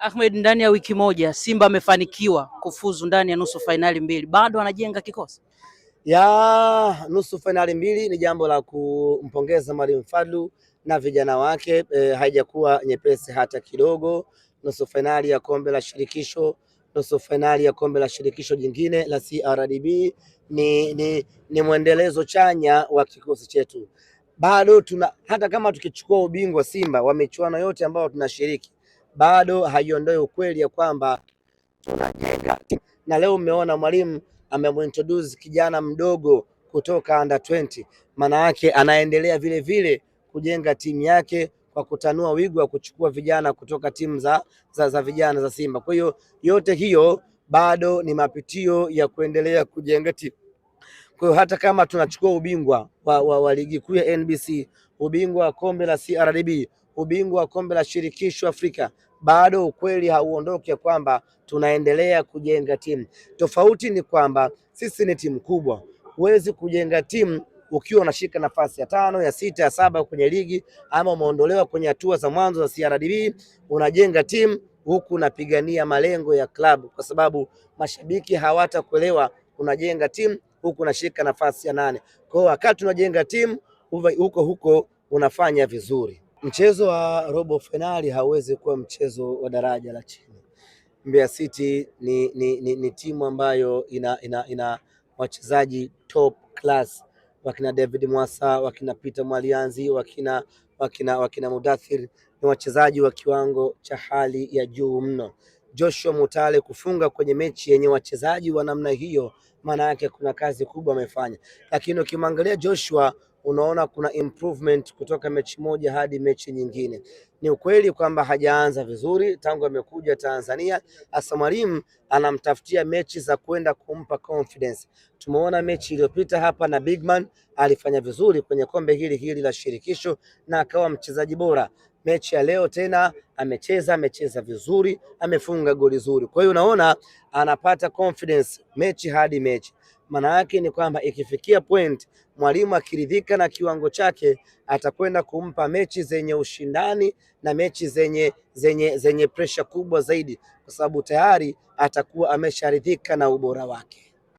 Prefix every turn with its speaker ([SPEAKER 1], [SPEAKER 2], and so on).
[SPEAKER 1] Ahmed, ndani ya wiki moja Simba amefanikiwa kufuzu ndani ya nusu fainali mbili, bado anajenga kikosi
[SPEAKER 2] ya nusu fainali mbili. Ni jambo la kumpongeza Mwalimu Fadlu na vijana wake e, haijakuwa nyepesi hata kidogo. Nusu fainali ya kombe la shirikisho, nusu fainali ya kombe la shirikisho jingine la CRDB ni, ni, ni mwendelezo chanya wa kikosi chetu. Bado tuna hata kama tukichukua ubingwa Simba wa michuano yote ambayo tunashiriki bado haiondoi ukweli ya kwamba tunajenga. Na leo umeona mwalimu amemintroduce kijana mdogo kutoka under 20, maana yake anaendelea vile vile kujenga timu yake kwa kutanua wigo wa kuchukua vijana kutoka timu za, za, za vijana za Simba. Kwa hiyo yote hiyo bado ni mapitio ya kuendelea kujenga timu. Kwa hiyo hata kama tunachukua ubingwa wa, wa, wa ligi kuu ya NBC, ubingwa wa kombe la CRDB, ubingwa wa kombe la shirikisho Afrika, bado ukweli hauondoke kwamba tunaendelea kujenga timu. Tofauti ni kwamba sisi ni timu kubwa, huwezi kujenga timu ukiwa unashika nafasi ya tano ya sita ya saba kwenye ligi ama umeondolewa kwenye hatua za mwanzo za CRDB. Unajenga timu huku unapigania malengo ya klabu, kwa sababu mashabiki hawatakuelewa. Unajenga timu huku unashika nafasi ya nane. Kwa hiyo wakati unajenga timu huko huko unafanya vizuri. Mchezo wa robo fainali hauwezi kuwa mchezo wa daraja la chini. Mbeya City ni, ni, ni, ni timu ambayo ina, ina, ina wachezaji top class, wakina David Mwasa, wakina Peter Mwalianzi, wakina, wakina, wakina Mudathir, ni wachezaji wa kiwango cha hali ya juu mno. Joshua Mutale kufunga kwenye mechi yenye wachezaji wa namna hiyo, maana yake kuna kazi kubwa amefanya, lakini ukimwangalia Joshua unaona kuna improvement kutoka mechi moja hadi mechi nyingine. Ni ukweli kwamba hajaanza vizuri tangu amekuja Tanzania, hasa mwalimu anamtafutia mechi za kwenda kumpa confidence. Tumeona mechi iliyopita hapa na Bigman alifanya vizuri kwenye kombe hili hili la shirikisho na akawa mchezaji bora, mechi ya leo tena amecheza, amecheza vizuri, amefunga goli zuri. Kwa hiyo unaona anapata confidence mechi hadi mechi. Maana yake ni kwamba ikifikia point mwalimu akiridhika na kiwango chake atakwenda kumpa mechi zenye ushindani na mechi zenye, zenye, zenye pressure kubwa zaidi, kwa sababu tayari atakuwa amesharidhika na ubora wake.